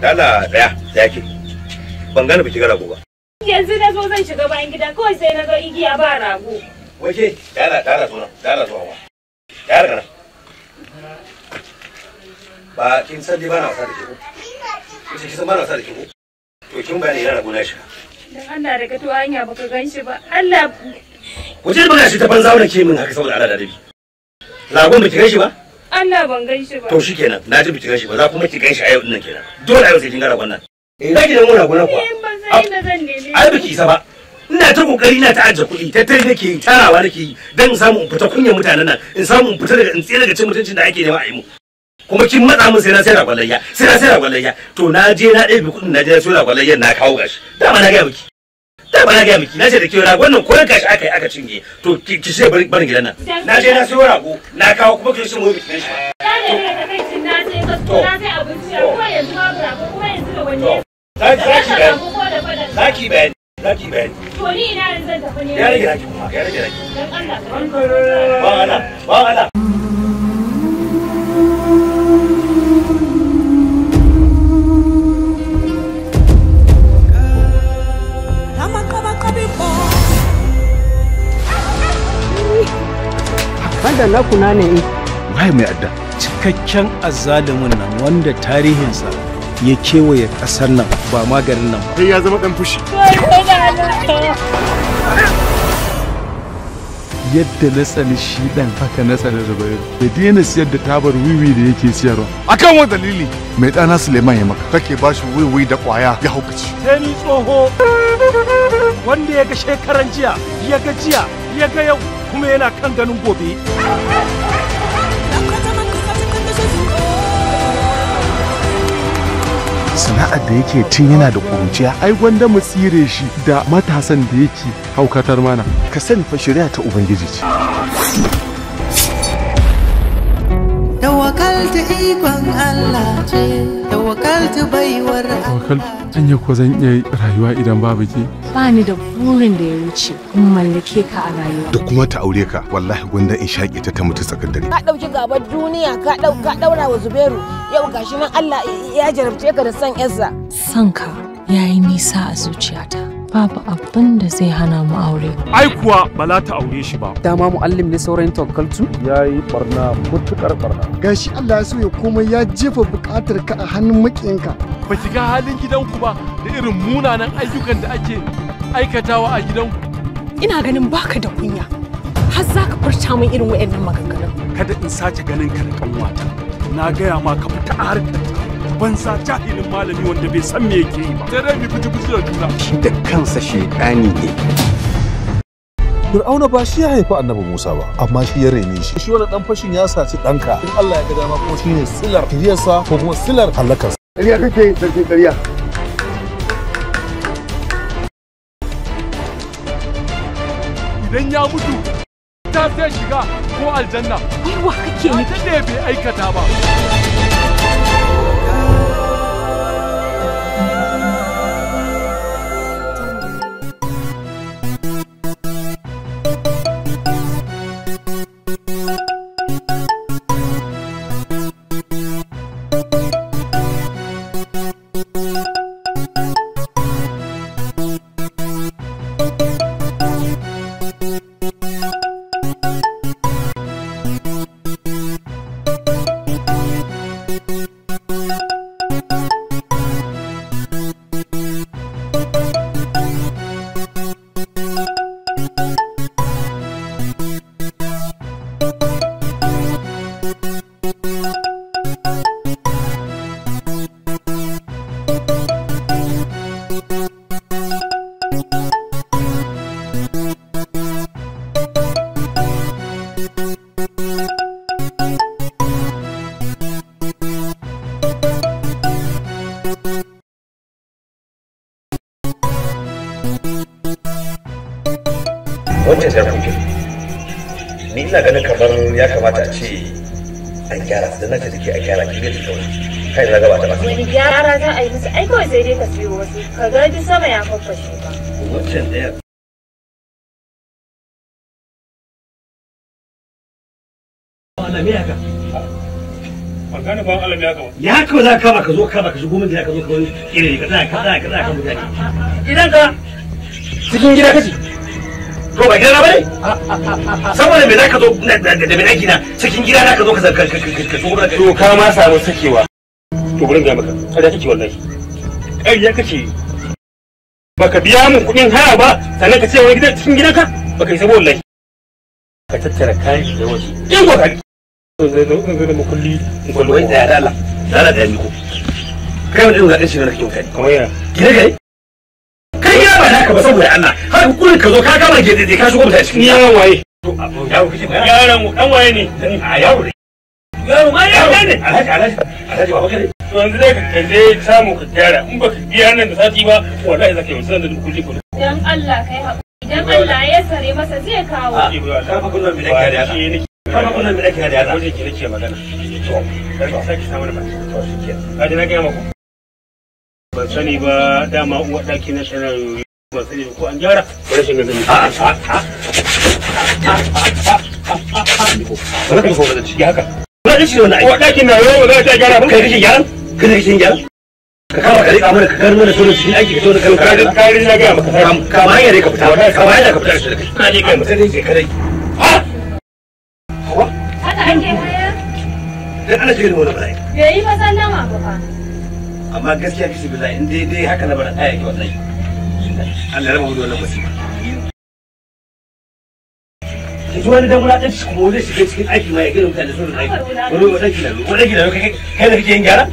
Dala ɗaya ya ke. Ban gane ba shiga rago ba. Yanzu na zo zan shiga bayan gida kawai sai na zo igiya ba rago. Waje dala dala zo nan dala zo wa. Dala kana. Ba kin san dai ba na wasa da ke ko. Kin san ba na wasa da ke ko. To kin bani ina rago na shiga. Dan Allah daga to hanya baka gan shi ba. Allah. Waje ba ga shi ta banza wani ke min haka saboda Allah da dabi. Ragon ba ki gan shi ba? Allah ban gan shi ba. To shi kenan, na ji biki gan shi ba, za kuma ki gan shi a yau nan kenan. Dole a yau sai kin gara wannan. Eh, zaki da muna gona kuwa. Ai biki isa ba. Ina ta kokari na ta ajiye kuɗi, tattali nake yi, tarawa nake yi, dan in samu in fita kunyar mutanen nan, in samu in fita daga in tsira daga cin mutuncin da ake nema a yi mu. kuma kin matsa min sai na sai ragwalayya sai na sai ragwalayya to na je na ɗebe kuɗin na je na sai ragwalayya na kawo gashi dama na ga biki da ba na gaya miki na ce da kiyo rago wannan koyar gashi aka yi aka cinye to ki ce barin gidan nan na je na sayo rago na kawo kuma kin sun wani kidan shi na je abinci ko yanzu ma rago ko yanzu da wani zaki bayani zaki bayani zaki bayani to ni ina zan tafi ne ya rage zaki kuma ya rage zaki dan Allah ba Allah ba Allah wanda na kuna ne eh. wai mai adda cikakken azzalumin nan wanda tarihinsa ya kewaye kasar nan ba maganin nan ba ya zama dan fushi yadda na tsani shi dan haka na tsani zubairu Da daina siyar da tabar wiwi da yake siyarwa akan wa dalili mai ɗana suleiman ya maka kake ba shi wiwi da kwaya ya haukaci sai ni tsoho wanda ya ga shekaran jiya ya ga jiya ya ga yau kuma yana kan ganin gobe sana'ar da yake tun yana da kuruciya ai gwanda mu tsire shi da matasan da yake haukatar mana ka sani fa shari'a ta ubangiji ce tawakkaltu ikon Allah ce tawakkaltu baiwar Allah yi ko zan iya rayuwa idan babu ke? Ba ni da burin da ya wuce in mallake ka a rayuwa. Da kuma ta aure ka wallahi gunda in shaƙe ta ta mutu tsakar dare. Ka ɗauki gaban duniya ka ka ɗaura wa Zubairu yau gashi nan Allah ya jarabce ka da san yarsa. Son ka yayi nisa a zuciyata. babu abin da zai hana mu aure. Ai kuwa ba za ta aure shi ba. Dama mu'allim ne saurayin tokaltu? Ya yi barna mutukar barna. Gashi Allah ya so ya komai ya jefa bukatar ka a hannun maƙiyanka. Ba ki ga halin gidanku ba da irin munanan ayyukan da ake aikatawa a gidanku. Ina ganin baka da kunya. Har za ka furta min irin wa'annan maganganun. Kada in sace ganin ka da ƙanwata. Na gaya ma ka fita harkar banza jahilin malami wanda bai san me yake yi ba Tare dai mu fiti fiti da juna shi da kansa ɗani ne Fir'auna ba shi ya haifi annabi Musa ba, amma shi ya rene shi. Shi wani dan fashin ya saci ɗanka. In Allah ya ga dama ko shi ne silar kiriyarsa ko kuma silar hallakarsa. Ƙarya kake sarki ƙarya. Idan ya mutu, ta sai shiga ko aljanna. Wai wa kake ne? Ta da bai aikata ba. an gyara da nan take a gyara da kawai kai na gaba ta ba wani gyara za a yi musu ai kawai sai dai ka siyo wasu ka ga duk sama ya farfashe ba wancan daya ba ya kama za ka ba ka zo ka ba ka shigo min gida ka zo ka wani irin ka tsaya ka za ka ka mutane idan ka cikin gida kace to ba gidana bane saboda me zaka zo da me daki na cikin gida na ka zo ka ka ka to ka ma samu sakewa to gurin ga maka kada kake wallahi ƙarya kake baka biya min kuɗin haya ba sannan ka ce wani gidan cikin gidanka baka yi sabo wallahi ka tattara kayan shi da waje in ba ka zai da mukulli mukulli wai da ya da dala da ya miko kai wani irin shi na kake mutane kamar yana gida gari kai ya ba naka ba saboda Allah har kullun ka zo ka kama gede ka shigo mutane cikin yaran waye yaran mu dan waye ne a yaro ne yaro ma yaro ne alhaji alhaji alhaji ba bakare to yanzu dai ka je samu ka gyara in baka biya nan da sati ba wallahi zaka yi sanan da kuɗi kuɗi dan Allah kai haƙuri idan Allah ya sare masa zai kawo ka fa kullun da kare Allah kama kullun da kare ki nake magana to dan saki samu ba to shi ke na ban sani ba dama uwa ɗaki na tana ban sani ko an gyara rashin ganin a a a ka kama ka rika mana ka kar mana sunan cikin aiki ka tona kan kare kare na ga maka kama hanya ne ka fita wallahi kama hanya ka fita da kai ka je kai maka dai kare ha hawa ana ake haya dan ana cikin wannan bai yayi fa ba fa amma gaskiya fi su billahi in dai na haka na bar ayaki wallahi Allah raba mu da wannan musiba ki zo wani dan mura dan kuma wani shige cikin aiki ma ya gina mutane sun aiki wani wani na wani na kai kai da kake yin gyara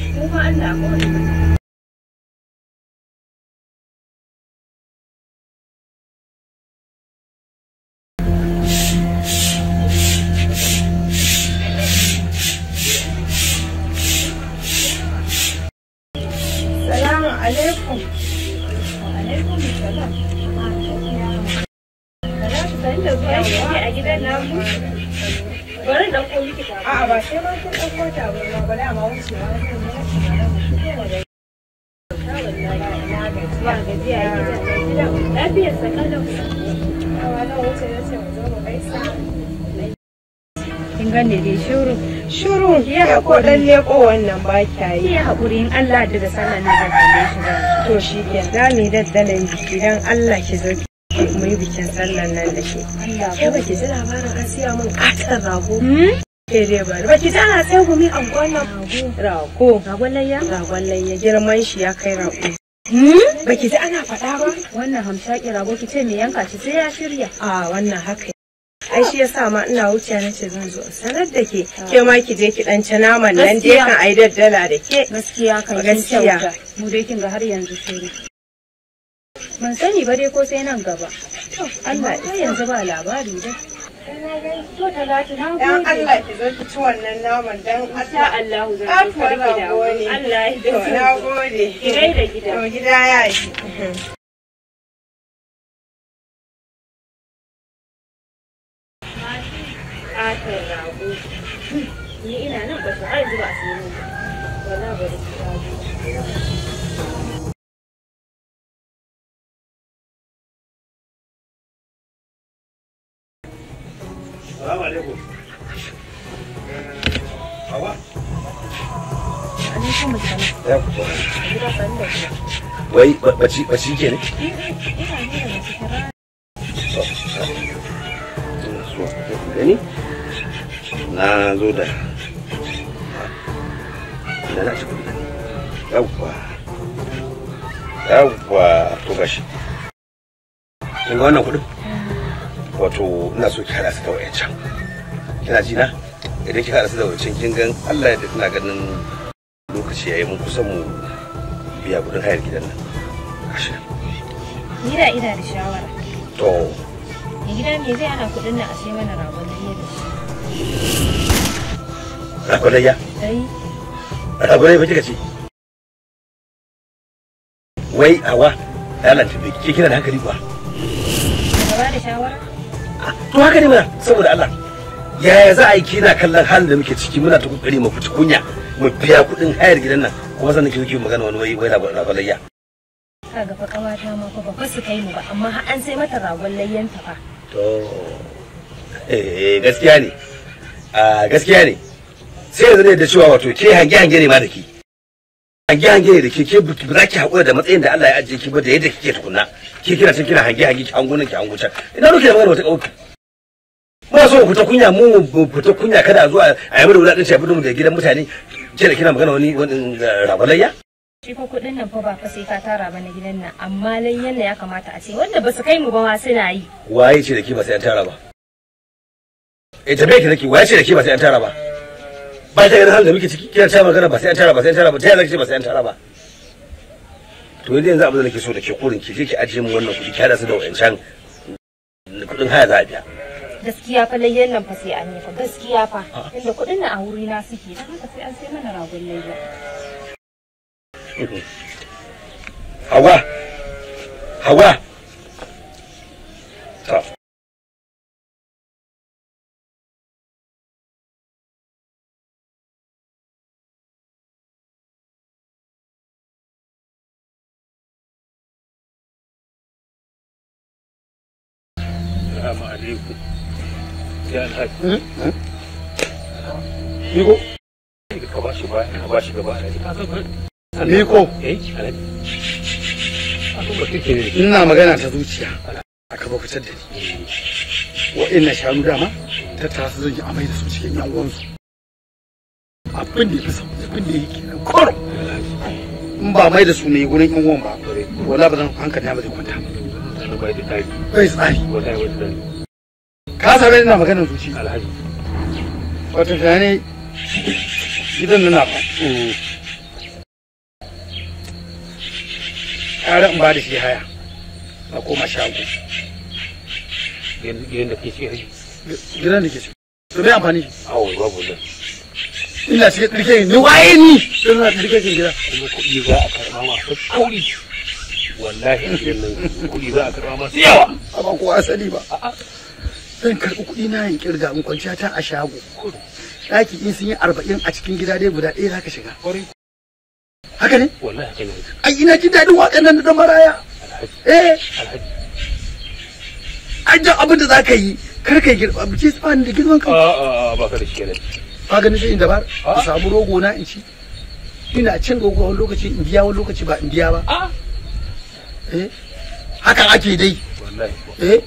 ke shuru shuru ya hako dan leko wannan ba kya yi ya hakuri in Allah da da sallan ne zan kalle shi zan to shi ke za mu daddalan biki dan Allah ki zo mu yi bikin sallan nan da shi ke ba ki ji labarin an siya mun katar rago hmm? ke dai ba ba ki tana ana ku mi an gwanan rago Rago layya Rago layya girman shi ya kai rago hmm? Baki ji ana faɗa ba? Wannan hamshaƙi rago ki ce mai yanka shi sai ya shirya. A wannan haka ai shi yasa ma ina wuce na ce zan zo sanar da ke ke ma ki je ki dan ci naman nan dai kan ai daddala da ke gaskiya kan gaskiya mu dai kin ga har yanzu shiru ban sani ba dai ko sai nan gaba Allah ya yanzu ba labari dai Dan Allah ki zo ci wannan naman dan Allah. Allah zan ki dawo. Allah ya gode. Ki da gida. To gida ya yi. Mhm. katin rago ni ina nan ba su yi wala ba Wai baci baci ke ne? Ina ne da baci na zo da da na ci kudi yawwa yawwa to gashi kin ga wannan kudin wato ina so ki hada da wayancan kina ji na idan kika hada da wayancan kin Allah ya ina ganin lokaci yayi mun kusan mu biya kudin hayar gidan nan ni da ina da shawara to gidan me zai ana mana ragon Ragonayya? Ragonayya ba kika ce? Wai awa, yana tafi, ke kina da hankali kuwa? Ba da shawara? Ah, to haka ne mana, saboda Allah. Yaya za a yi kina kallon halin da muke ciki muna ta kokari mu fita kunya mu biya kuɗin hayar gidan nan kuma sannan ki kike magana wani wai wai ragonayya. Ka ga fa kawata ma fa ba su kai mu ba amma an sai mata ragon layyanta fa. To eh, eh gaskiya ne. gaskiya ne sai yanzu ne da cewa wato ke hange hange ne ma da ke hange hange ne da ke ke ba za ki haƙura da matsayin da Allah ya ajiye ki ba da yadda kike tukuna ke kina cin kina hange hange ki hango nan ki hango can ina nuke magana wata kauki muna so ta kunya mu ta kunya kada a zo a yi mana wulaɗin shafi da gidan mutane ke da kina magana wani wani eh, rabalayya shi ko kuɗin nan fa ba fa sai ka tara ba na gidan nan amma lai yana ya kamata a ce wanda ba su kai mu ba ma suna yi waye ce da ke ba sai an tara ba eh tambaye ki zaki waya ce da ke ba sai an tara ba ba ta irin halin da muke ciki kina ta magana ba sai an tara ba sai an tara ba ta yana ce ba sai an tara ba to yanzu yanzu abin da nake so da ke kurin ki je ki ajiye mu wannan kuɗi ki hada su da wayancan kuɗin haya za a biya gaskiya fa layyan nan fa sai an yi fa gaskiya fa inda ah. kuɗin na a wuri na suke dan ka sai an sai mana ragon layya hawa hawa to salamu alaikum sai alhaji hmm? hmm? ka ba shi ka ba shi gaba eh, ina magana ta zuciya da ni wa'in shanu dama ta tasu zan yi amai da su cikin yan uwansu abin da ya fi abin da ya koro in ba mai da su ne gurin yan uwan ba wala ba zan hankali na ba zai kwanta nan bai tsari tsari ka same ina magana zuci alhaji wato tunani gidan nan na fa mm. tare in ba da shi haya a koma shago gidan da ke ce gidan da ke ce to bai amfani awo babu nan ina cikin tsirkin ni waye ni ina cikin tsirkin gida kuma kuɗi za a karɓa masu kauri wallahi idan nan kuɗi za a karɓa masu yawa amma ko asali ba zan karɓi kuɗi na yin kirga in kwanciya ta a shago ɗaki in sun yi arba'in a cikin gida dai guda ɗaya za ka shiga haka ne wallahi ai ina jin daɗin waƙan nan da maraya eh ai duk abin da za ka yi kar ka yi girma ce tsawon da girman kan a'a ba ka da shi kenan ka gani sai in dabar in samu rogo na in ci ina cin rogo wani lokaci in biya wani lokaci ba in biya ba eh hakan ake dai wallahi eh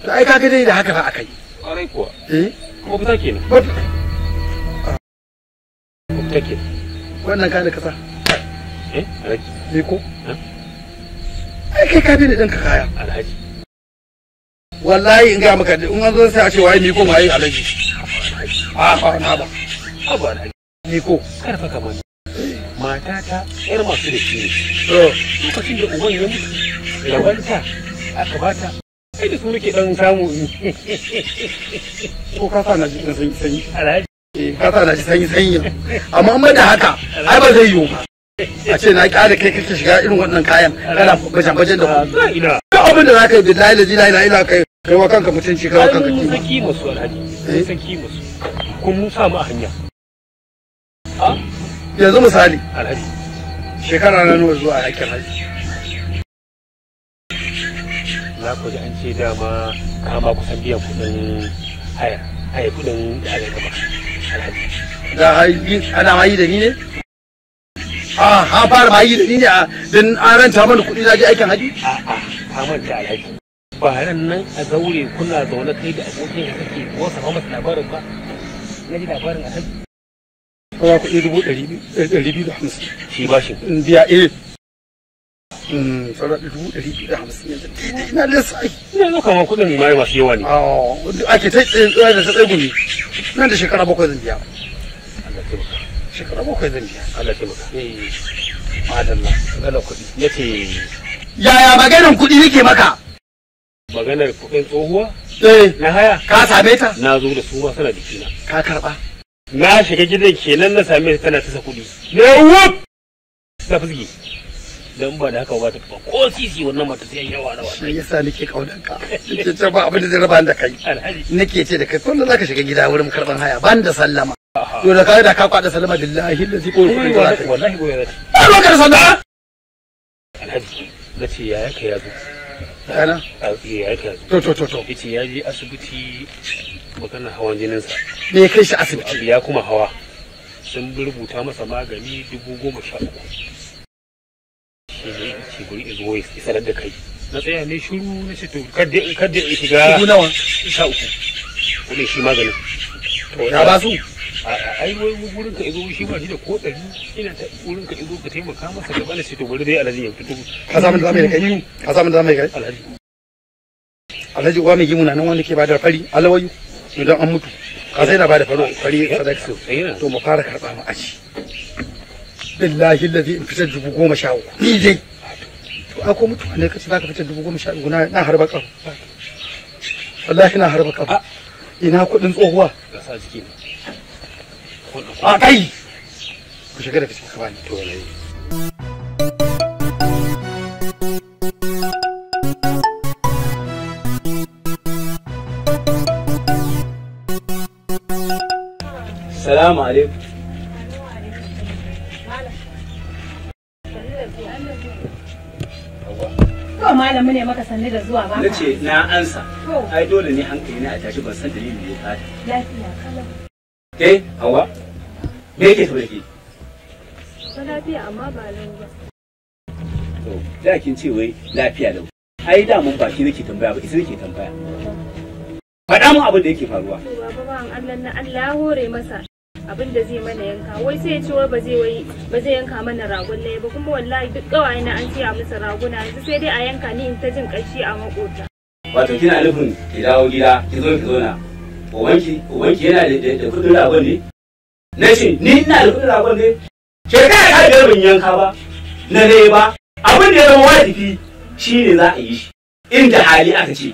to ai kaga dai da haka ba akai kwarai kuwa eh kuma fita kenan fita kenan wannan ka da kasa eh alhaji ne ko eh? ai kai ka bi ne dan ka kaya alhaji wallahi in ga maka in an zo sai a ce wai miko ma yi alhaji a ba na ba ba alhaji miko karfa ka bani matata yar masu da shi lokacin da uban ya mutu aka bata kai da su muke dan samu ko kasa na jikin sanyi sanyi eh, kasa na ji sanyi sanyi amma amma haka ai ba zai yiwu a ce na kyara kai kake shiga irin wannan kayan kana bajan-bajan da kuma abin da za ka yi billahi da zilahi na kai kai wa kanka mutunci kai wa kanka kima saki musu alhaji eh? saki musu kun samu a hanya eh? yanzu misali alhaji shekara na nawa zuwa aikin haji na ku an ce dama kama kusan biyan kudin haya haya kudin da aka gaba alhaji da haji ana ma yi da ni ne a ha fara ma yi da ni ne a dan an ranta mana kudi na je aikin haji a a ka manta alhaji ran nan a zaure kuna zaune kai da abokin ka kake ko sama masa labarin ba na ji labarin alhaji saura kuɗi eh, mm, dubu ɗari biyu da hamsin shi biya eh dubu ɗari biyu da hamsin ina kama kuɗin masu yawa ne ah, ake ta tsaye da ta tsaye gumi da shekara bakwai zan biya shekara bakwai zan biya Allah ta maka eh, madalla magana kuɗi yace yaya kuɗi nake maka maganar kuɗin tsohuwa eh. na haya ka same ta na zo da suma sana jikina ka karɓa na shiga gidan kenan na same ta tana tasa kuɗi ne wuf ta fuzgi. dan ba da haka ba ta ba ko sisi wannan mata sai yawa rawa shi yasa nake kaunar ka nake ce ba abin da zai raba da kai nake ce da kai ko kullum zaka shiga gida wurin karban haya ban da sallama to da kai da ka kwada sallama billahi lazi ko kuɗi wallahi ko ya zata a lokacin sallama alhaji nace yaya ka yazo rana a ah, ya eh, ka to to to to yace ya je asibiti magana hawan jininsa ne ya kai shi asibiti ya kuma hawa sun rubuta masa magani dubu goma sha uku shi ne yace guri izo ya sanar da kai na tsaya ne shiru na ce to kada ya shiga dubu nawa sha uku kuɗin shi maganin to ya ba su ai wai wurin ka izo shi ba shi da ko ɗari ina ta wurin ka izo ka taimaka masa ka bala sai to bari dai alhaji ya fito ka samu da zamai kai ka samu da zamai kai alhaji alhaji uwa mai gimuna nan wanda ke bada fari alawayu idan an mutu ka sai da bada faro fari sadaka eh, so to mu fara karba mu aji billahi lazi in fitar dubu goma sha uku ni dai to ako mutu ne kace ka fitar dubu goma sha uku na harba kafa wallahi na harba kafa ina kuɗin tsohuwa a kai ku shiga da cikin kabani to wallahi ne maka sanni da zuwa ba. Nace na ansa. Ai dole ne hankali na a tashi ban san da ya fata. Lafiya kalau. Ke, Hawa, me yake so ke. ta lafiya amma ba lafiya to da kin ce wai lafiya lau ai da mun baki nake tambaya ba isa nake tambaya faɗa mun abin da yake faruwa baba ba Allah na Allah hore masa abin da zai mana yanka wai sai ya ce wai ba zai wai ba zai yanka mana ragon laye ba kuma wallahi duk gawaye na an siya musu raguna yanzu sai dai a yanka ni in ta jin kashi a makota wato kina nufin ki dawo gida ki zo ki zo na uwanki uwanki yana da kudin ragon ne na ce ni ina da kudin ragon ne shekara ta biyar ban yanka ba na ne eh ba abin da ya zama wajibi shine za a yi shi inda hali aka ce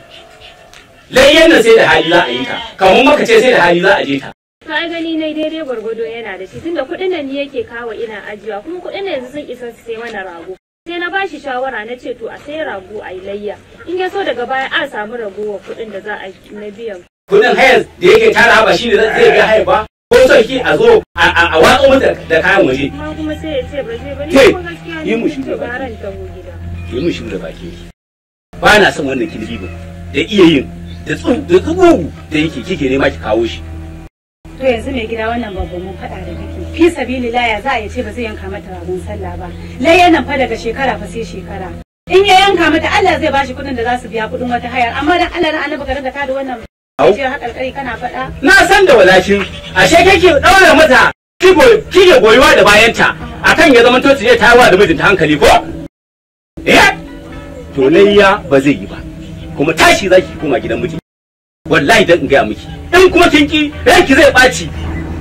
layyan nan sai da hali za a yi ta kamar maka ce sai da hali za a je ta to ai gani nai daidai gwargwado yana da shi tunda kuɗin nan ni yake kawo ina ajiya kuma kuɗin nan yanzu sun isa su sai mana rago sai na ba shi shawara na ce to a sai rago a yi layya in ya so daga baya a samu ragowar kuɗin da za a na biyan kuɗin hayar da yake tara ba shi ne zai ga hayar ba ko sauki a zo a watsa mata da kayan waje. Ma kuma sai ya ce ba zai ba ni kuma gaskiya ne mutum da baran ta gida. Yi mun shi da baki. Ba na son wannan kilibi ba da iya yin da tsugugu da yake kike nema ki kawo shi. To yanzu mai gida wannan babban mun faɗa da kake. Fi sabili laya za a ce ba zai yanka mata ragon sallah ba. Lai yana fa daga shekara fa sai shekara. In ya yanka mata Allah zai bashi kuɗin da za su biya kuɗin wata hayar amma dan Allah na annabi ka rinka da wannan Na san da walashin, ashe kake ɗaura mata kike goyuwa da bayanta akan ya zama toci ne tawa da mijinta hankali ko? Eh? To layya ba zai yi ba, kuma tashi za ki koma gidan miji. Wallahi dan in gaya miki, in kuma kin ki ranki zai ɓaci.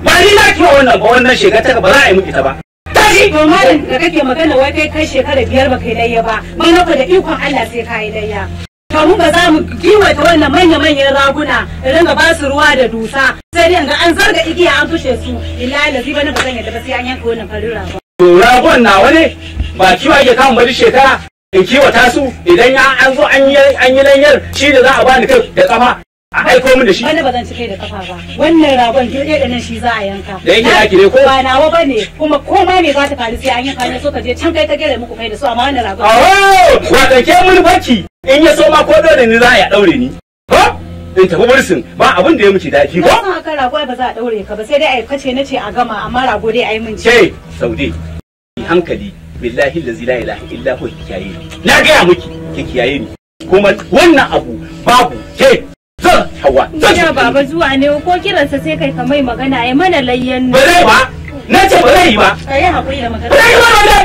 Ba ni na kiwa wannan ba wannan shekara ba za a yi miki ta ba. Tashi! To malam da kake magana wai kai kai shekara biyar ba kai layya ba, ban da ikon Allah sai ka yi layya. kamu ba za mu kiwata wannan manya-manyan raguna ringa ba su ruwa da dusa sai dai ga an zarga igiya an fushe su illa zai bani ba zan yadda ba sai an yanka wannan farin ragon. ragon na wani ba kiwa ke kamun ba duk shekara in kiwata su idan an zo an yi lanyar shi da za a bani kai da kafa a aiko min da shi wani ba zan cike da kafa ba wannan ragon dole da nan shi za a yanka da yake yaki ne ko ba nawa bane kuma koma ne za ta faru sai an yanka ne so ka je can kai ta gere muku kai da su amma wannan ragon awo wa dake mun baki in ya so ma ko dole ni za a daure ni ko in eh, tafi bursin ba abin da ya muke daɗi ko ba ka rago ba za a daure ka ba sai dai ai kace nace a gama amma rago dai ayi mun ce saude hankali billahi allazi la ilaha illa huwa kiyaye na ga ya miki ki kiyaye ni kuma wannan abu babu ke zan hawa zan ya baba zuwa ne ko kiransa sai kai ka mai magana ai mana layyan ba zai ba na ce ba zai yi ba kai hakuri da magana ba zai yi ba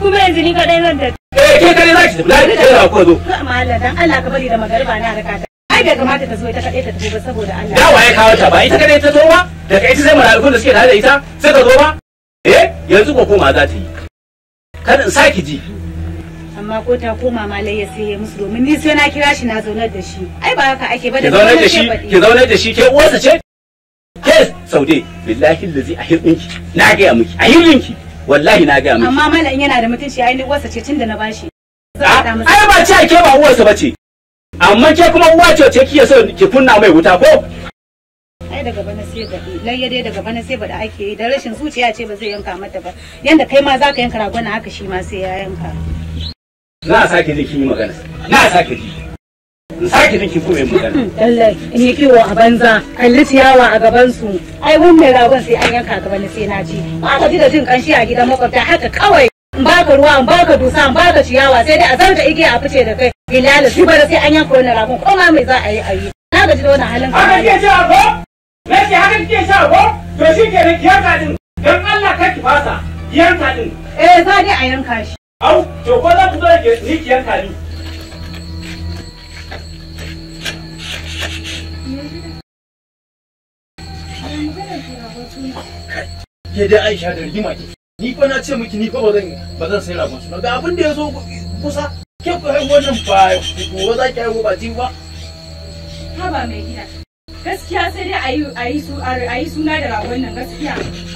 kuma yanzu ni kadai zan tafi ke kare za ki tafi da ke da ko zo mallam dan Allah ka bari da magariba na raka ta ai bai kamata ta zo ita kadai ta tafi ba saboda Allah dawa ya kawo ta ba ita kadai ta zo ba daga ita sai malakun da suke tare da ita sai ta zo ba eh yanzu ko koma za ta yi kada in saki ji amma ko ta koma malayya sai ya musu domin ni sai na kira shi na zaunar da shi ai ba haka ake ba da zaunar da shi ki zaunar da shi ke uwarsa ce ke saude billahi allazi ahirinki na ga miki ahirinki wallahi na ga miki amma malam yana da mutunci ai uwarsa ce tunda na bashi ah, ai ba ce ke ba uwarsa bace amma ke kuma uwa ce ce kike so ki kunna mai wuta ko ai daga bana sai da layya dai daga bana sai da ake yi da rashin zuciya ce ba zai yanka mata ba yanda kai ma zaka yanka ragon haka shi ma sai ya yanka na sake ji kin yi magana na sake ji sake nake kuma yin magana. Lallai in yi kiwo a banza, kalli ciyawa a gaban su. Ai wannan ragon sai an yanka gaba ni sai na ci. Ba ka ji da jin kanshi a gidan makwabta haka kawai. In baka ruwa, in baka dusa, in baka ciyawa sai dai a zarta igiya a fice da kai. Bilal shi bada sai an yanka wannan ragon ko ma me za a yi a yi. Na gaji da wannan halin. Haka kike sha ko? Na ce haka kike sha ko? To shi ke nan yanka din. Dan Allah ka ki fasa. Yanka din. Eh za dai a yanka shi. Au, to ko za ku zo ni ki yanka ni. ke dai Aisha da rigima ke ni fa na ce miki ni fa ba zan ba zan sai ragon suna ga abin da ya zo kusa ke ku haihuwar wannan ba gobe za ki haihu ba ji ba haba mai gida gaskiya sai dai a yi a yi suna da ragon nan gaskiya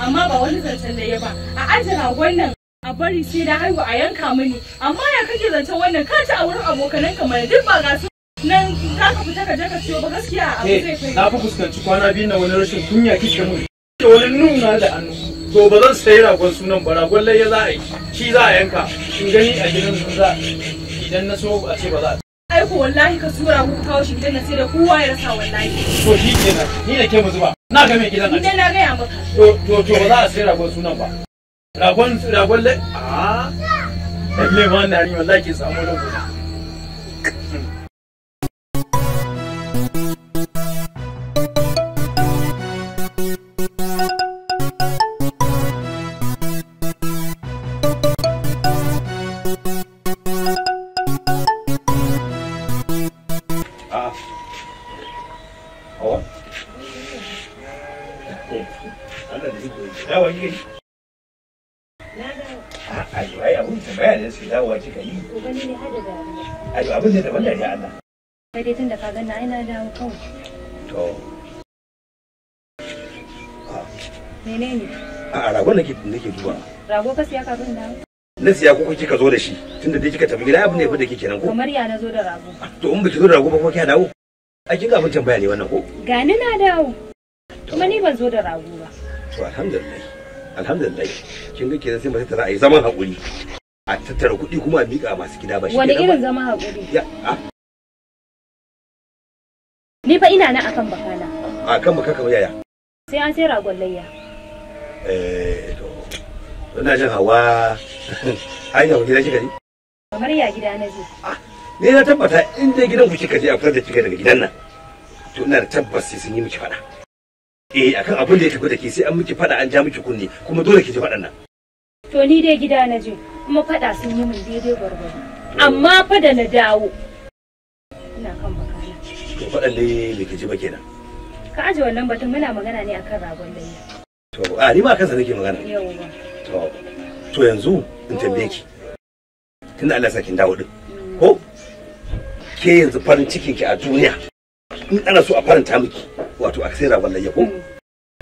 amma ba wani zancen da ya ba a aje ragon nan a bari sai da haihu a yanka mini amma ya kake zancen wannan ka ci a wurin abokanan kamar duk ba ga su nan za ka fita ka je ka ciyo ba gaskiya abu eh, zai kai na fi fuskanci kwana biyu na wani rashin kunya kike mun da wani nuna da annoba to ba zan sayi ragon sunan ba ragon lai za a yi shi za a yanka shi gani a gidan sun za idan na so a ce ba za a ai ko wallahi ka tura ku kawo shi gidan na sai da kowa ya rasa wallahi to shi kenan ni da ke mu zuba na ga mai gidan na na ga ya maka to to to ba za a sayi ragon sunan ba ragon ragon lai a lalle ma na ni wallahi ke samu ragon hmm. abin da daban ya Allah. Sai dai tunda ka ganna ina dawo kawai. To. Menene? A'a ragon nake nake duba. Rago ka siya kafin dawo. Na siya ko kika zo da shi tunda dai kika tafi gida abin da ya fita kike nan ko. Kamar ya na zo da rago. Ah, to in baki zo da rago ba ko kika dawo? Ai kin ga abin tambaya ne wannan ko? Gani na dawo. Kuma ni ban zo da rago ba. To alhamdulillah. Alhamdulillah. Kin ga kenan sai mace ta za a yi zaman hakuri. a tattara kuɗi kuma a miƙa masu gida ba shi wani irin zama haƙuri ni fa ina nan akan bakana a kan baka kamar yaya sai an sai ragon layya eh to ina jin hawa Ai, ku gida kika je kamar ya gida na je ah, ne na tabbata in dai gidan ku kika je a fitar da kika daga gidan nan to ina da tabbas sai sun yi miki fada eh akan abin da ya tafi da ke sai an miki fada an ja miki kunne kuma dole ki ji fadan nan to ni dai gida na je kuma faɗa sun yi min daidai gwargwaro amma fa da na dawo ina kan baka. to faɗan dai me ji ba kenan ka aje wannan batun muna magana ne akan ragon dai. to a ni ma kansa nake magana to to yanzu in tambaye ki tunda Allah sakin dawo din mm. ko ke yanzu farin cikin ki a duniya in ana so a faranta miki wato a sai ragon layya ko mm.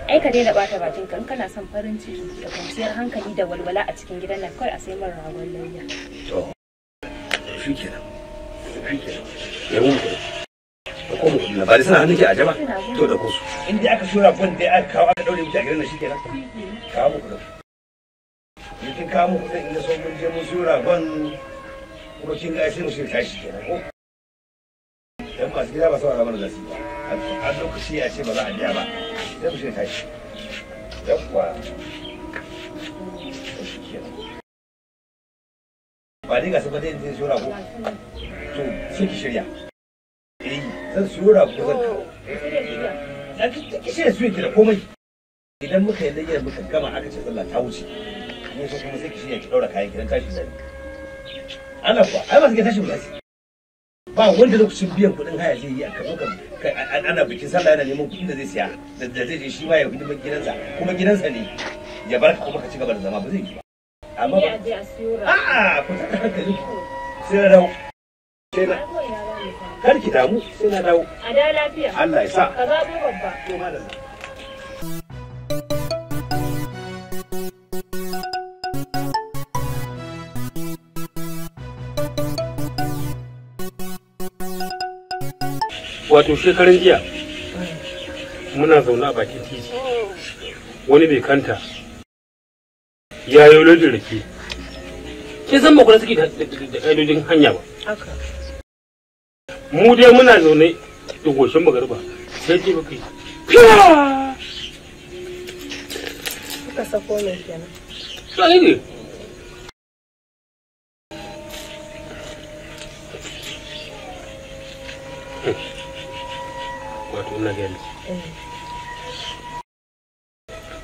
ai ka daina bata bakin ka in kana son farin ciki da kwanciyar hankali da walwala a cikin gidan nan kawai a sai min ragon lauya. shi kenan shi kenan ba da sana hannunki a jaba to da ko su in dai aka shura gun dai aka kawo aka daure wuta gidan nan shi kenan kawo mu kudin in kin kawo mu kudin in da mun je mun shura gun kuma kin ga sai mu shirka shi kenan ko dan masu gida ba saurara mana ba. a lokaci a ce ba za a biya ba sai mu ce tashi yawwa ba ni ga sabar da zai shora ko to sai ki shirya eh zan shora ko zan kawo zan ki shirya su ki da komai idan muka yi layyar muka gama aka ce sallah ta wuce mun so kuma sai ki shirya ki daura kayan gidan tashi zai ana kuwa ai ba su ke tashi ba ba wanda lokacin biyan kuɗin haya zai yi a kan ana bikin sallah yana neman kuɗin da zai siya da zai je shi ma ya hidima gidansa kuma gidansa ne ya bar ka kuma ka ci gaba da zama ba zai yi ba amma ba a'a ku ta hankali sai na dawo sai na kar ki damu sai na dawo a da lafiya Allah ya sa ka ku babba to wato shekarun jiya muna zaune a bakin titi wani bai kanta ya yi da rike ke san ba kuna suke da ƙa'idodin hanya ba mu dai muna zaune da goshin magarba sai ce baka yi fiya ka sako ne kenan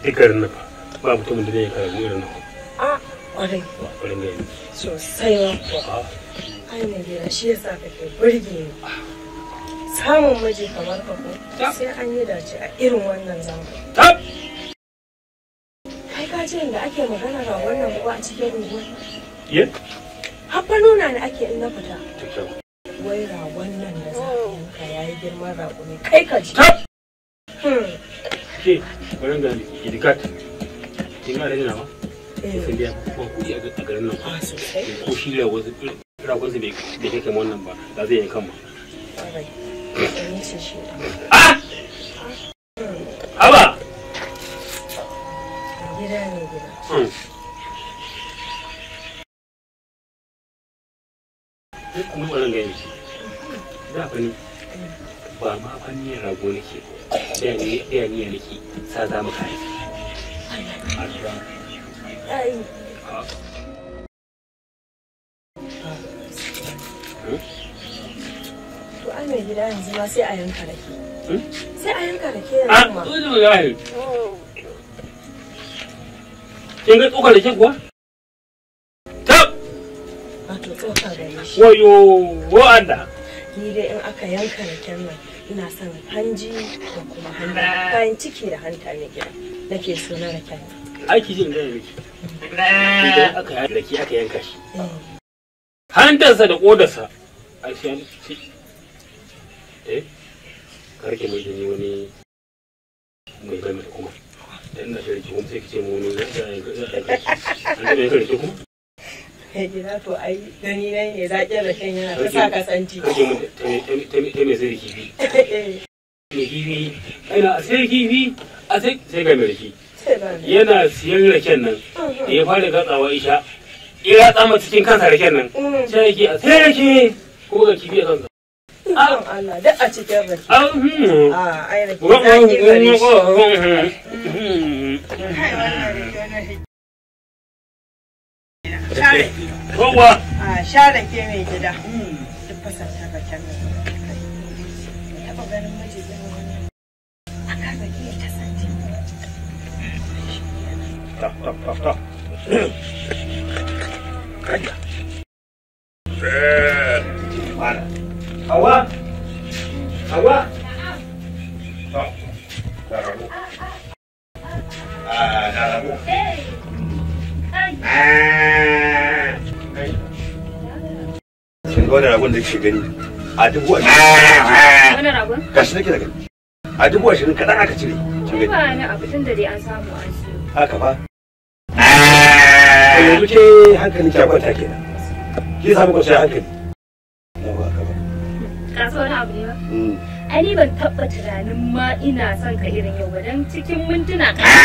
duk garin ba mutumin da zai karatu irin a ƙwarai ƙwarai ne sosai ma ai shi yasa kake burge ni samun miji kamar ka ko sai an yi dace a irin wannan zaman kai ka ce da ake magana ga wannan a cikin unguwar ye nuna ne ake in na fita wai ra wannan da za ka yi yayi girman raƙumi kai ka ji barin ga idikat kin ma da jina ba eh. sun biya k'u kuɗi a garin nan ah, ko shi da wasu ragon su bai kai kamar wannan ba da zai yi ba Aba! Gida ne hmm. faɗa To ai mai gida yanzu sai a yanka rake. Sai a yanka rake yanzu ma. Kin ga rake kuwa? Tab! Wato tsoka gare shi. Wayo, Ni dai in aka yanka raken nan. ina son hanji da kuma hanta kayan ciki da hanta ne gida nake so na raken aiki jin gani miki idan aka yi rake aka yanka shi hantarsa da kodarsa a shi eh karki mai jini wani mai bai mata kuma dan na shirki kuma sai ki ce mu ne za a yi kuma kai gida to ai gani nan ne zaƙin rashin yana ta sa kasanci. Ta mai sai kifi. Mai kifi, a sai kifi, a sai ga mai Yana siyan raken nan, uh-huh. da ya fara gatsawa isha, ya ratsa ma cikin kansa raken nan. Mm. Sai yake a sai rake ko ga kifi a kansa. Ah. Allah, duk a cikin rake. A, ah, hmm. ah, ai rake. share a share ke mai gida duk fasar ta bakin Shin ga wani ragon da kike gani a dubu ashirin wani ragon gashi nake da gani a dubu ashirin kaɗan aka cire kin ba ni abu tun da dai an samu an siyo haka ba yanzu ke hankali ki kwanta kenan ki samu kwanciyar hankali ka so wani abu ne ba mm. ai ni ban taɓa tunanin ma ina son ka irin yau ba don cikin mintuna ka ah!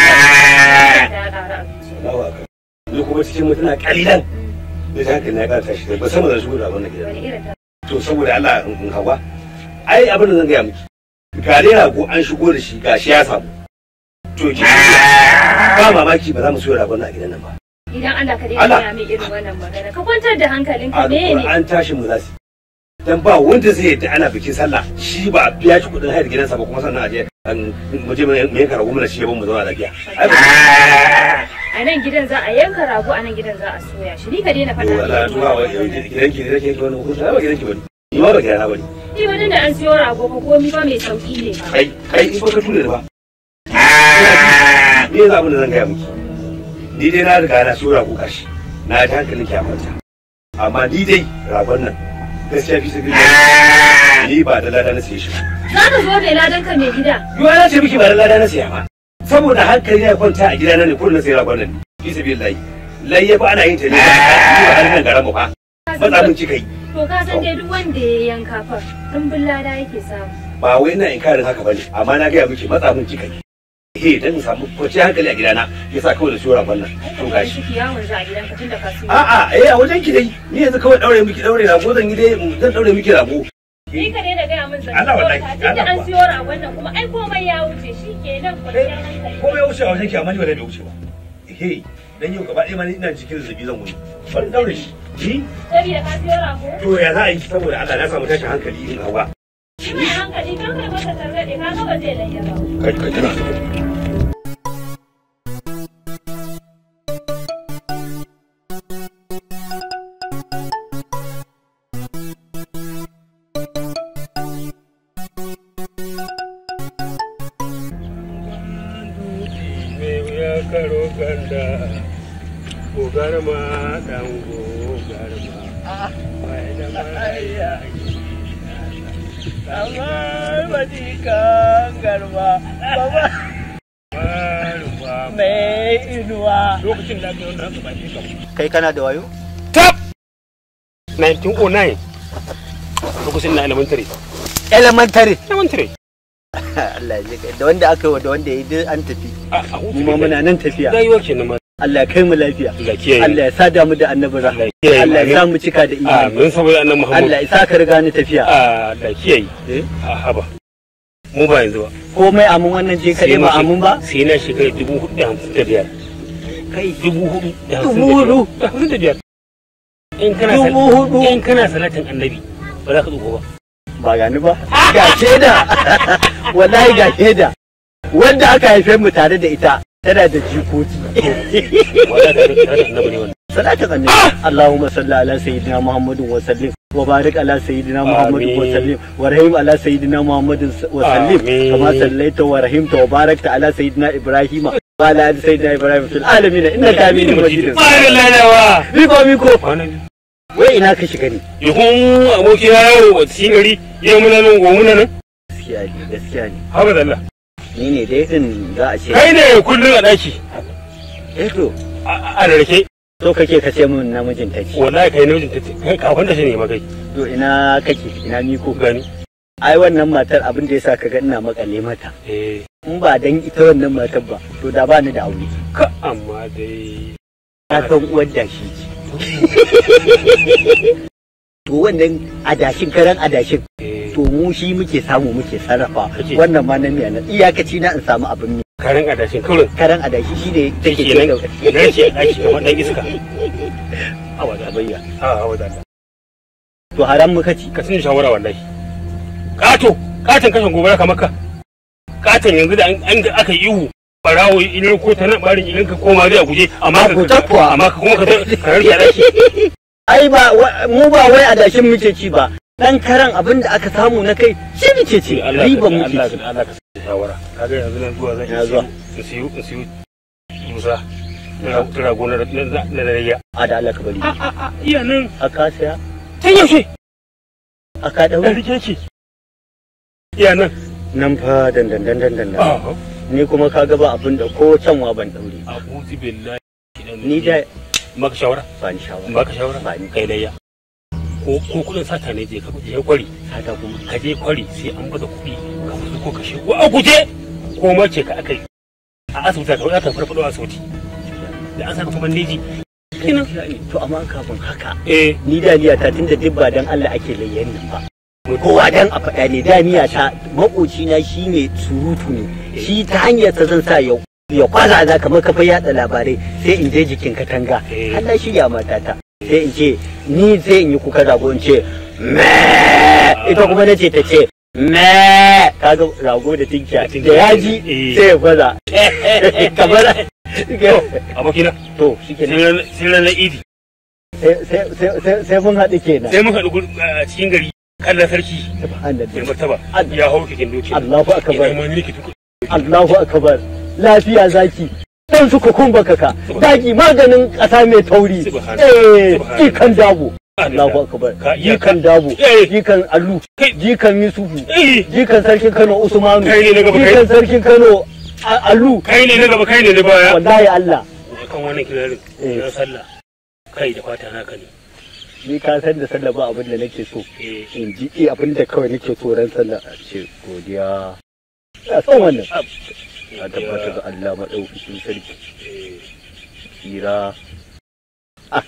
ƙara abinci ni kuma cikin mutuna kalilan da ta hankali na ƙara tashi ba sama da su da abin da gidan to saboda Allah in hawa ai abin da zan gaya miki ga dai rago an shigo da shi ga shi ya samu to ki ba mamaki ba za mu so ragon a gidan nan ba idan Allah ka daina ya mai irin wannan magana ka kwantar da hankalinka me ne an tashi mu za zasu dan ba wanda zai yadda ana bikin sallah shi ba biya shi kudin hayar gidansa ba kuma sannan a je mu je mu yanka rago mu da shi ya mu zauna lafiya ah! a nan gidan za a yanka rago a nan gidan za a soya shi ni ka daina faɗa wala tuwa wa gidan ki gidan ki wani hukunci ba gidan ki bane ni ma ba gidana bane ni ba da an siyo rago ko komi ba mai sauki ne kai kai in ka tura ba ni yanzu abin da zan gaya miki ni dai na riga na siyo rago kashi na ji hankalin ki a manta amma ni dai ragon nan gaskiya fi su ni ba da lada na siye shi za ka zo mai ladan ka mai gida yiwa na ce miki ba da lada na siya ba saboda hankali na kwanta a gidana ne kullum sai ragon nan bisa sabi layi, lai ya ba ana yin ta ne ba a hannun garan mu fa matsa mun cikai to ka san dai duk wanda ya yanka fa dumbin lada yake samu ba wai ina karin haka bane amma na gaya miki matsa mun cikai he eh, dan in samu kwanciyar hankali a gidana yasa kawai da shora ban nan to a a'a eh a wajen ki dai ni yanzu kawai daure miki daure rago zan yi dai zan daure miki rago Ni ka ne da gaya min zan Allah wallahi Allah an siyo ragon nan kuma ai komai ya wuce shi ke nan kwanciyar eh, hankali. Komai ya wuce a wajen ki amma ni wallahi bai wuce ba. Ehe dan yau gaba ɗaya ma ina cikin zazzabi zan wuni. Bari daure shi. Ni? Sabida ka siyo rago? To ya za a yi saboda Allah na samu tashin hankali in hawa. Shi mai hankali kan kai masa targaɗe ka ga ba zai layyaba. Kai kai kana. kai kana da wayo tab 1909 lokacin na elementary elementary elementary Allah ya kai da wanda aka yi da wanda ya yi an tafi Ni ma muna nan tafiya rayuwa kenan ma Allah kai mu lafiya Allah ya sada mu da annabi rahma Allah ya sa mu cika da imani amin saboda annabi Muhammad Allah ya sa ka riga ni tafiya ah, Allah kiyaye eh ah, haba mu ba yanzu ba komai amun wannan je kaɗai ba amun ba sai na shekara dubu hudu da hamsin da biyar kai dubu hudu da hamsin da biyar in kana dubu hudu in kana salatin annabi ba za ka tsufa ba ba gani ba ga shaida wallahi ga wanda aka haife mu tare da ita tana da jikoki salatin annabi ah! Allahumma salli ala sayyidina Muhammadin wa sallim wa barik ala sayyidina Muhammadin wa sallim wa ala sayyidina Muhammadin wa sallim kama sallaita wa rahimta wa ala sayyidina وعلى آل سيدنا إبراهيم في العالمين إنك حميد مجيد ما لله ميكو ميكو wai ina ka shiga ne yahun abokin yawo a cikin gari ya muna nan go muna nan gaskiya ne gaskiya ne haka zalla. ni ne dai din za a ce kai ne kullun a daki eh to a rarke To kake ka ce mun namijin tace wallahi kai namijin tace kai kafin ta ne ma kai to ina kake ina miko? ko gani ai wannan matar abin da yasa ka ga ina makale mata eh in ba dan ita wannan matar ba to da ba ni da aure ka amma dai na san uwar dashi to wannan adashin karan adashin eh. to mu shi muke samu muke sarrafa wannan ma na miya iyakaci na in samu abin mi karan adashin kawai karan adashi shi ne take ke nan rashin adashi kamar dan iska a wada bayya a wada to haram muka ci ka sun shawara wallahi kato katin kashin gobara kamar ka katon yanzu da an aka yi ihu barawo idan ko ta nan barin idan ka koma zai guje amma ka takwa amma ka kuma ka rarriya daki ai ba mu ba wai a dashin muke ci ba dan karan abin da aka samu na kai shi muke ci riba muke ci Allah ka shawara kaga yanzu nan zuwa zan yi siyo siyo musa tura gona na dariya a da Allah ka bari iya nan a kasiya tun yaushe a ka daure iya nan nan fa dandan dandan dandan ah, ah. ni kuma ka gaba abin da ko canwa ban daure abuzi billahi ni da maka shawara ba ni shawara maka shawara ba ni kai layya ko ko kudin sata ne je ka je kwari sata kuma ka je kwari sai an bada kuɗi ka fito ko ka shigo a guje ko mace ka akai a asibiti ka wadata farfado a sauti da an saka kuma neji to amma kafin haka eh. ni da liya ta tinda dibba dan Allah ake layyan nan fa kowa dan a faɗa ne da miya ta makoci na ne surutu ne shi ta hanyar ta zan sa ya kwaza za kamar kafa yada labarai sai in je jikin katanga eh. Allah shirya matata sai in ce ni sai in yi kuka rago in ce me ita kuma nace ta ce me kaga rago da tinkiya da yaji eh. sai ya kwaza kamar abokina to shikenan sai ranar idi sai mun haɗu kenan sai mun haɗu a cikin gari Allah sarki mai martaba ya hau kikin doki Allahu akbar Allahu akbar lafiya zaki dan su kokun bakaka zaki maganin ƙasa mai tauri eh ikan dabo Allahu akbar jikan dabo eh. jikan allu jikan misufu eh. jikan sarkin Kano Usmanu jikan sarkin Kano allu kai ne na gaba kai ne na baya wallahi Allah kan wannan kirarin eh. na sallah kai da fata naka ne ni ka san da sallah ba abin da nake so in ji iya abin da kawai nake so ran sallah a ce godiya a san wannan a tabbatar da Allah maɗaukakin sarki tsira ah,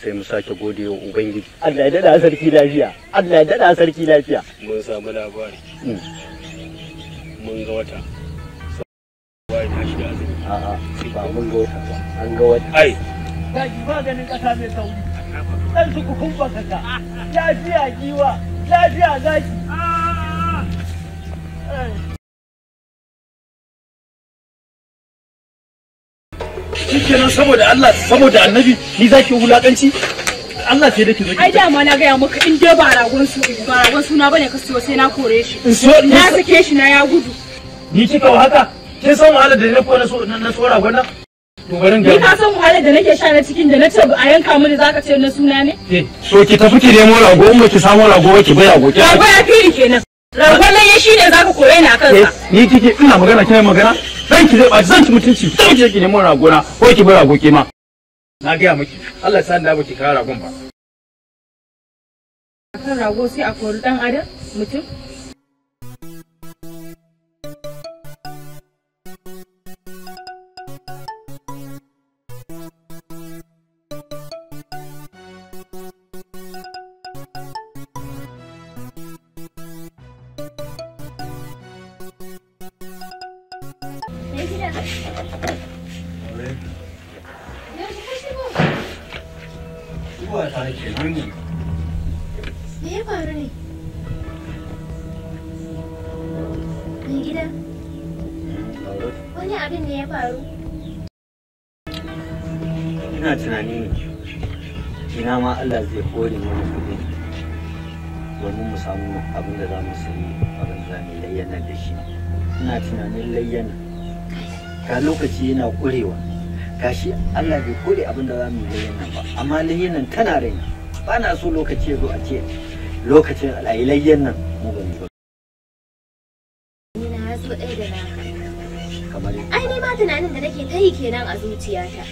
sai mu sake gode wa ubangiji Allah ya dada sarki lafiya Allah ya dada sarki lafiya mun samu labari hmm. mun ga wata a'a ba mun ga wata ba an ga wata ai ba ganin ƙasa mai sauri ɗan su ku kukun bakaka lafiya giwa lafiya zaki shikenan saboda Allah saboda annabi ni zaki wulakanci Allah sai da ki zo. Ai da ma na gaya maka in dai ba ragon su ba ragon suna bane ka siyo sai na kore shi. Na sake shi na ya gudu. Ni kika haka? Kin san wahalar da na kore so na so ragon nan? Ni ka san wahalar da nake sha na cikin da na ce a yanka mini zaka ce na suna ne? Eh, so ki tafi ki nemo rago in ki samu rago ki bai rago. Rago ya fili kenan. Rago nan ya shine zaka koya ni akan sa. Eh, ni kike ina magana kina magana zan ki zai ba zan ki mutunci zan ki ki nemo rago na ko ki bai rago ke ma. Na gaya miki Allah ya da baki kawo ragon ba. Akan rago sai a kori dan adam mutum? ake nuni me ya faru ne mai gida wani abin ne ya faru ina tunani ina ma Allah zai kore mana kuɗi domin mu samu abin da za mu sayi abin za mu layyana da shi ina tunanin layyana ka lokaci yana ƙurewa gashi Allah bai kore abin da za mu yi nan ba amma layyan tana raina ba na so lokaci ya zo a ce lokacin alayi layyan nan mu ba mu kamar ai ni ma tunanin da nake ta yi kenan a zuciyata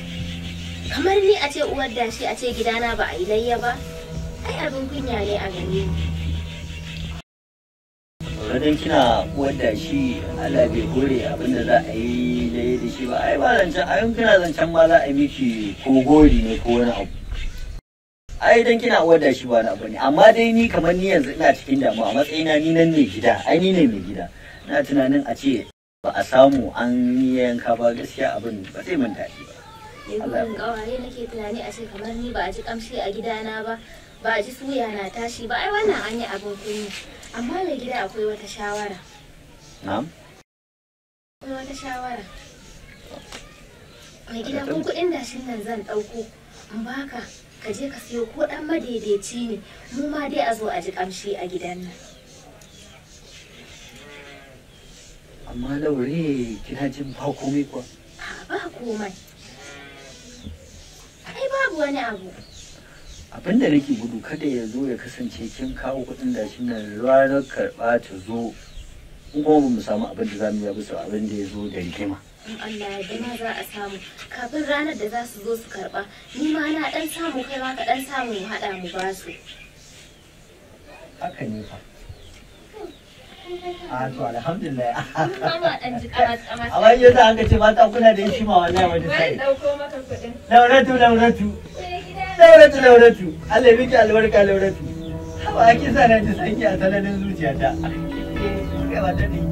kamar ni a ce uwar dashi a ce gidana ba a yi layya ba ai abin kunya ne a gare ni dan kina wadda shi Allah bai gore abin da za a yi da da shi ba ai ba zancen ai kina zancen ma za a yi miki ko gori ne ko wani abu ai dan kina wadda shi ba na abu ne amma dai ni kamar ni yanzu ina cikin damuwa matsayina ni nan ne gida ai ni ne mai gida na tunanin a ce ba a samu an yanka ba gaskiya abin ba zai min daɗi ba yanzu kawaye nake tunani a ce kamar ni ba a ji ƙamshi a gidana ba ba a ji suya na tashi ba ai wannan an yi abin kunya amma mai gida akwai wata shawara na'am akwai wata shawara mai gida kun kuɗin shi nan zan ɗauko in baka ka je ka siyo ko ɗan madaidaici ne mu ma dai a zo a ji ƙamshi a gidan nan amma laure kina jin ba komai kuwa ba komai ai babu wani abu abin da nake gudu kada ya zo ya kasance kin kawo kuɗin shi nan ranar karɓa ta zo in kuma mu samu abin da za mu yi bisa abin da ya zo da rigima in Allah ya dama za a samu kafin ranar da za su zo su karɓa ni ma na ɗan samu kai ma ka ɗan samu mu haɗa mu ba su haka ne fa a to alhamdulillah a wani yadda an ka ce mata kuna da yi shi ma wallahi wani sai lauratu lauratu lauratu lauratu Allah miki albarka lauratu hawa kin sa na ji sanyi a sanadin zuciyata eh, kai ba ta ne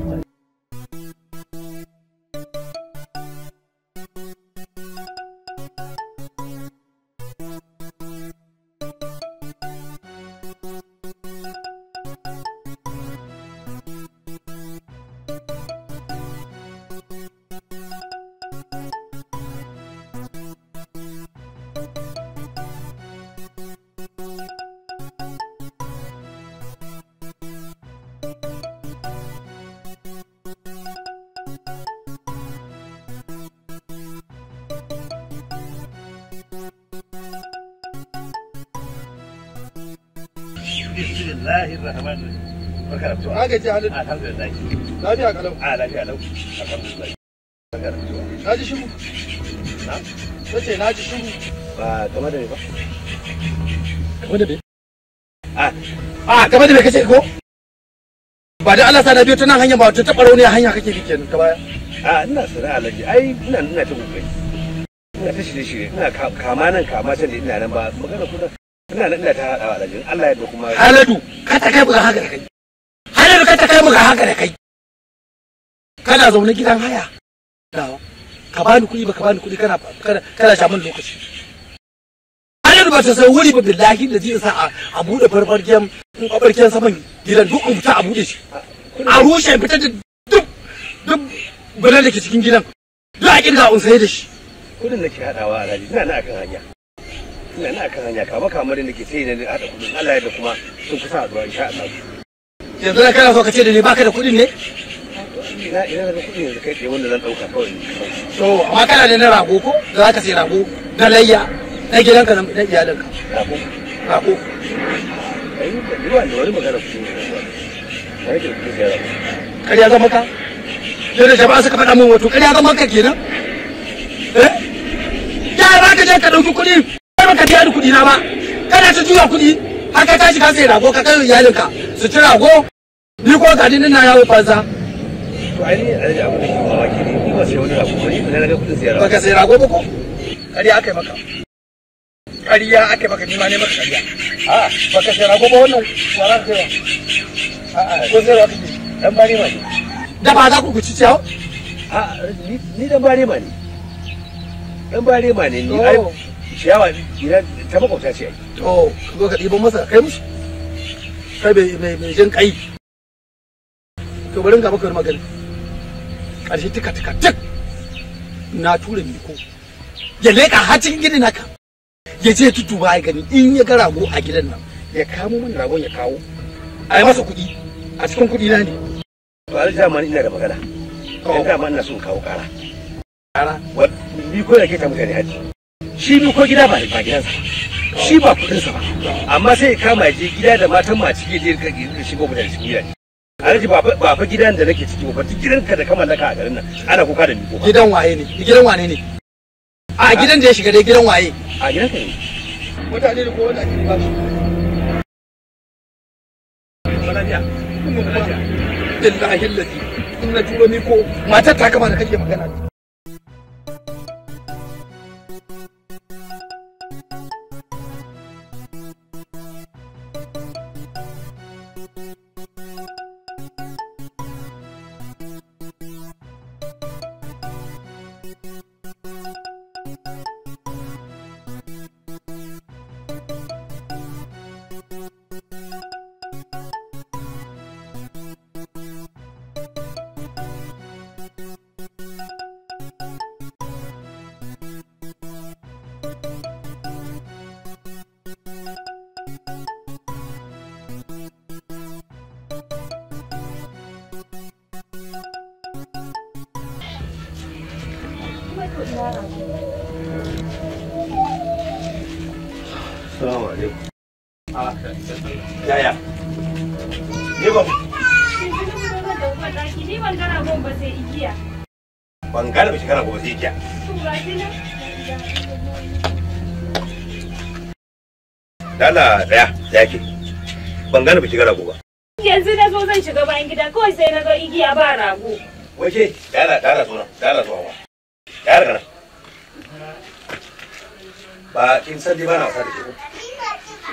bismillahir rahmanir rahim barka to na na game da me ba me a kace ko ba da Allah sana biyo ta nan hanya ba ta taɓa rauni hanya kake bi kenan ka baya a ina sana alaji ai ina ina ta kokari ina ta shirye shirye ina kama nan kama can da ina nan ba magana kuma ina nan ina ta hadawa da jin Allah yadda kuma haladu ka ta kai buga haka da kai haladu ka ta kai buga haka da kai kana zaune gidan haya dawo ka bani kuɗi ba ka bani kuɗi kana kana sha min lokaci haladu ba ta san wuri ba billahi da zai sa a bude farfarkiyar farfarkiyar saman gidan duk in fita a bude shi a rushe fita da duk duk bana da ke cikin gidan duk a kirga in sai da shi kudin da ke hadawa alhaji ina na akan hanya ina na kan hanya kama da sai da hada kudin Allah ya da kuma sun kusa insha Allah yanzu na kana so ka ce da ni baka da kudin ne ina ina da kudin yanzu kai tsaye wanda zan dauka kawai to amma kana da na rago ko da zaka sai rago na layya na gidanka na iyalinka rago rago zama ka da suka faɗa min wato zama ka kenan eh ya ba ka je ka ɗauki kuɗi baka biya ni kudi na ba kana ta juya kuɗi har ka tashi ka sai rago ka kai iyalinka su ci rago ni ko ga dinin na yawo fansa to ai ne alhaji abu da shi ba ki ne ni ba sai wani abu ba ni na ga kuɗin sai rago ka sai rago ba ko kariya akai maka kariya akai maka ni ma ne maka kariya a ka sai rago ba wannan wara kai ba a a ko sai rago dan bari ma ne da ba za ku ku ci ciyawa a ni dan bari ma ne dan bari ma ne ni ai oh. ciyawa gida ta makwabta ce to ka ka ɗiban masa kai musu kai mai jan kai to bari ga maka magana ƙarshe tika tika tik na tura miko ya leƙa har cikin gidan naka ya je tutuba ya gani in ya ga rago a gidan nan ya kamo mana ragon ya kawo a yi masa kuɗi a cikin kuɗi na ne to a dama ina da magana dama ina son kawo ko da ke ta mutane haji shi ko gida ba ba gidansa shi ba kudinsa ba amma sai kama je gida da matan mace ke je ka gidan shigo da shi gidan alhaji ba fa gidan da nake ciki ba duk gidanka da ka mallaka a garin nan ana kuka da miko gidan waye ne gidan wane ne a gidan da ya shiga dai gidan waye a gidan ka ne mutane ne ko wanda ake ba su lafiya billahi allazi in na tura miko matar ta kama da kake magana dakin ban gane ba shiga rago ba yanzu na zo zan shiga bayan gida kawai sai na ga igiya ba rago wai ke dala dala zo dala zo ma dala kana ba kin san dai ba na wasa da ke ko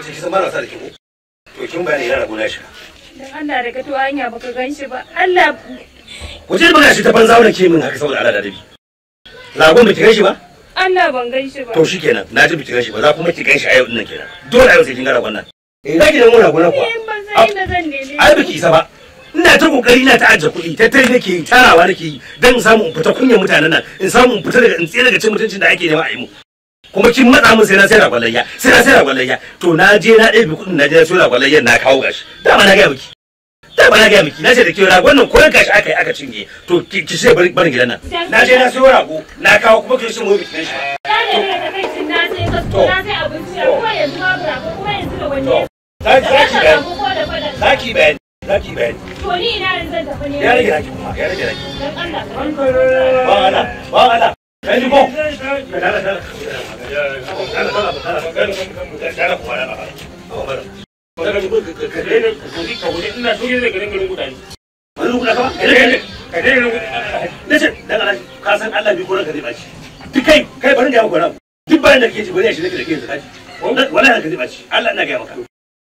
kin san ba na wasa da ke ko to kin bayani ina rago na shiga dan Allah da ka to hanya baka ganshi ba Allah Wajen ba shi ta banza wani ke min haka saboda Allah da dabi. Lagon bai shi ba? Allah ban gan shi ba. To shi kenan, na ji bai shi ba, za kuma ki gan shi a yau dinnan kenan. Dole a yau sai kin gara wannan. ina gidan muna gona kuwa ai biki isa ba ina ta kokari ina ta ajiye kuɗi tattali nake yi tarawa nake yi don in samu in fita kunyar mutanen nan in samu in fita daga in tsaye daga cin mutuncin da ake nema a yi mu kuma kin matsa min sai na sai ragwalayya sai na sai ragwalayya to na je na ɗebe kuɗin na je na sai ragwalayyan na kawo gashi dama na gaya miki dama na gaya miki na ce da ke rago wannan koyon gashi aka yi aka cinye to ki ce barin gidan nan na je na sayo rago na kawo kuma kin shi mu bikin shi na je na sai abinci ko yanzu ma rago kuma yanzu da wani zaki bayan zaki bayan zaki bayan to ni ina ran zan tafi ne ya rage naki kuma ya rage naki dan Allah ba Allah ba Allah kai ni ko kada kada Duk bayan da kake ji bari ya shi nake da ke yanzu kaji. Wallahi ka ji baci. Allah ina ga maka.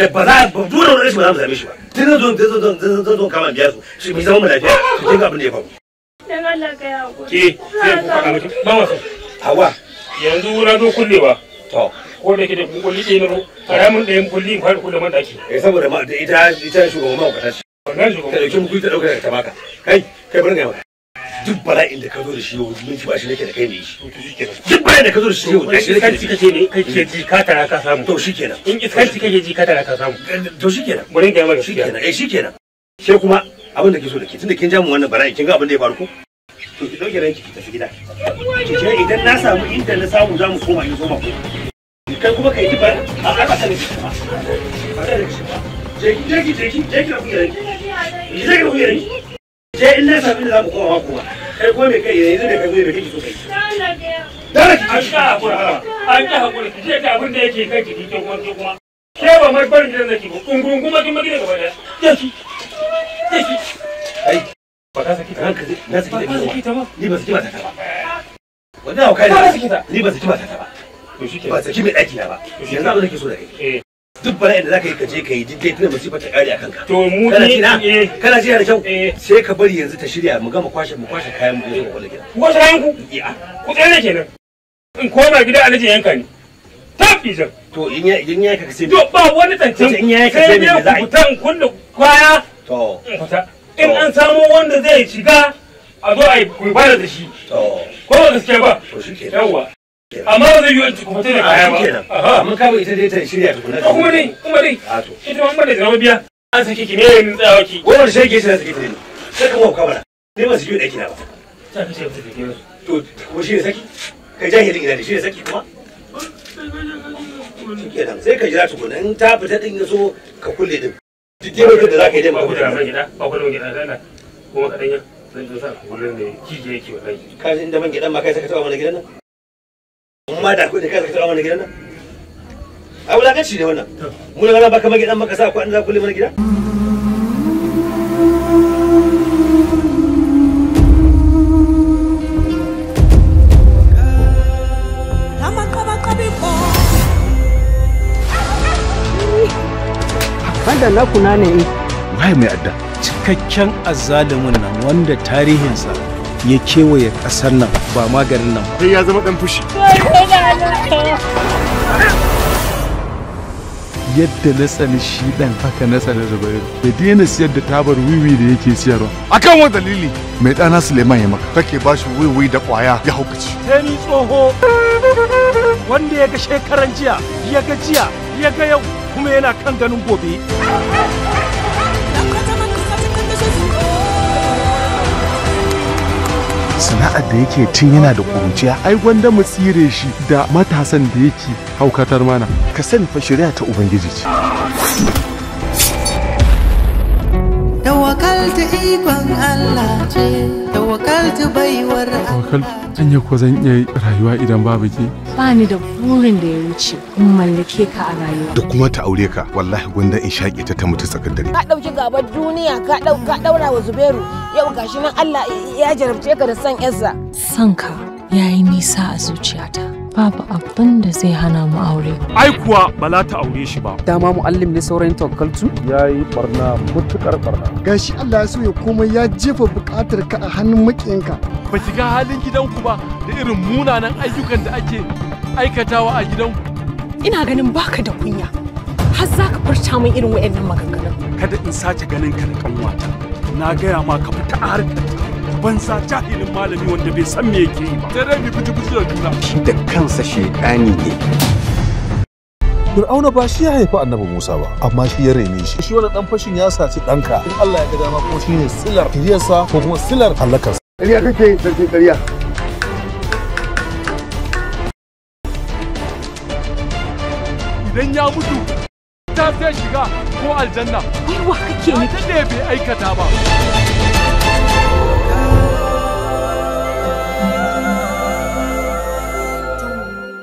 E da ba za ba burin wani ba ba tun zan zo kama su shi mu zama mu lafiya su da ya faru dan Allah ka ya ku ke sai ku faɗa miki ba da da ka bar ga duk bala'in da ka zo da kai wallahi da ka zo da shi yau da shi kake ne kake ji ka tara ka samu to shikenan in iskanci kake ji ka tara ka samu eh, to shikenan bari ga maka shikenan eh shikenan sai kuma abin da ke so da ke tunda kin ja mu wannan bara'i kin ga abin da ya faru ko to ki dauke ranki ki tafi gida ki je idan na samu inda na samu zamu koma in zo ma kai kuma kai ki ba a ba sanin ki ba je ki je ki je ki je ki rabu ranki ki je ki rabu ranki je in na samu inda zamu koma ma kuma kai kuma me kai yanzu me kai me kai ki so kai dare an ka hakura an ka hakura ki je ka abin da yake kan ki ke kuma ke kuma ke ba mai barin gidan nake ba ungunguma kin magi daga baya ke ki ke ki ai ba ka saki ta ranka na saki da ni ba ni ba saki ba ta ba wannan hauka ne ni ba saki ba ta ba to shike ba saki mai daki na ba yanzu abin da ke so da kai eh. duk bala'in inda zaka yi ka je ka yi diddai tana masifa ta kare a kanka to mu ne kana ji eh. da kyau eh. sai ka bari yanzu ta shirya mu gama kwashe mu kwashe kayan mu je mu wala gida ku kwashe kayan ku ku tsere kenan in koma gida alhaji yanka ne tafi jan to in ya in ya ka sai to ba wani tantan in ya ka sai me za a fita in kunna kwaya to in an samu wanda zai shiga a zo a yi kubara da shi to ko ba gaskiya ba to shikenan yawa amma ba zai yi wani kuma tana kaya ba shikenan mun kama ita dai ta shirya tukuna ko kuma dai kuma dai a to ita mun bada jarabar biya an saki ki ne yin tsawa ki wannan shi ke shi sake ki ne sai kuma kabara ne ba su yi daki na ba ta kace ba ta to kuma shi ne saki kai jahilin ina da shi ne saki kuma kenan sai ka jira tukuna in ta fita din ya so ka kulle din duk yau da za ka yi dai maka fita gida ba gida kuma kadan ya zan zo sa kullum da kije yake wallahi ka inda man gidan ma kai saka tawa mana gidan nan amma da kuɗi kai saka tawa mana gidan nan a ne wannan mun ga ba ka gidan maka sa ku an za kulle mana gidan adda na kuna ne wai mai adda cikakken azzalumin nan wanda tarihinsa ya kewaye ƙasar nan ba maganin nan ba ya zama ɗan fushi yadda na tsani shi ɗan haka na tsani zubairu da daina siyar da tabar wiwi da yake siyarwa kan wani dalili mai ɗana suleiman ya maka kake ba shi wiwi da ƙwaya ya haukaci ni tsoho wanda ya ga shekaran jiya ya ga jiya ya ga yau kuma yana kan ganin gobe sana'ar da yake tun yana da ƙuruciya ai gwanda mu tsire shi da matasan da yake haukatar mana ka sani fa shari'a ta ubangiji ce tawakkalta ikon Allah ce tawakkaltu baiwar tawakkal anya ko zan iya rayuwa idan babu ke ba ni da burin da ya wuce in mallake ka a rayuwa da kuma ta aure ka wallahi gwanda in shaƙe ta ta mutu tsakar dare ka dauki gaban duniya ka dau ka daura wa Zubairu yau gashi nan Allah ya jarabce ka da san yarsa san ka yayi nisa a zuciyata babu abin da zai hana mu aure. Ai kuwa ba ta aure shi ba. Dama mu'allim ne saurayin tokaltu? Ya yi barna mutukar barna. Gashi Allah ya so ya komai ya jefa bukatar ka a hannun maƙiyanka. Ba ki ga halin gidanku ba da irin munanan ayyukan da ake aikatawa a gidanku. Ina ganin baka da kunya. Har za ka furta min irin wa'annan maganganun. Kada in sace ganin ka da kanwata. Na gaya ma ka fita a banza jahilin malami wanda bai san me yake yi ba tare dai mu fiti fiti da juna shi da kansa shedani ne Fir'auna ba shi ya haifi annabi Musa ba, amma shi ya reme shi. Shi wannan dan fashin ya saci ɗanka. In Allah ya ga dama ko shi ne silar kiriyarsa ko kuma silar halakar. Ƙarya kake yi sarki ƙarya. Idan ya mutu, ta sai shiga ko aljanna. Wai wa kake ne? Wanda ne bai aikata ba.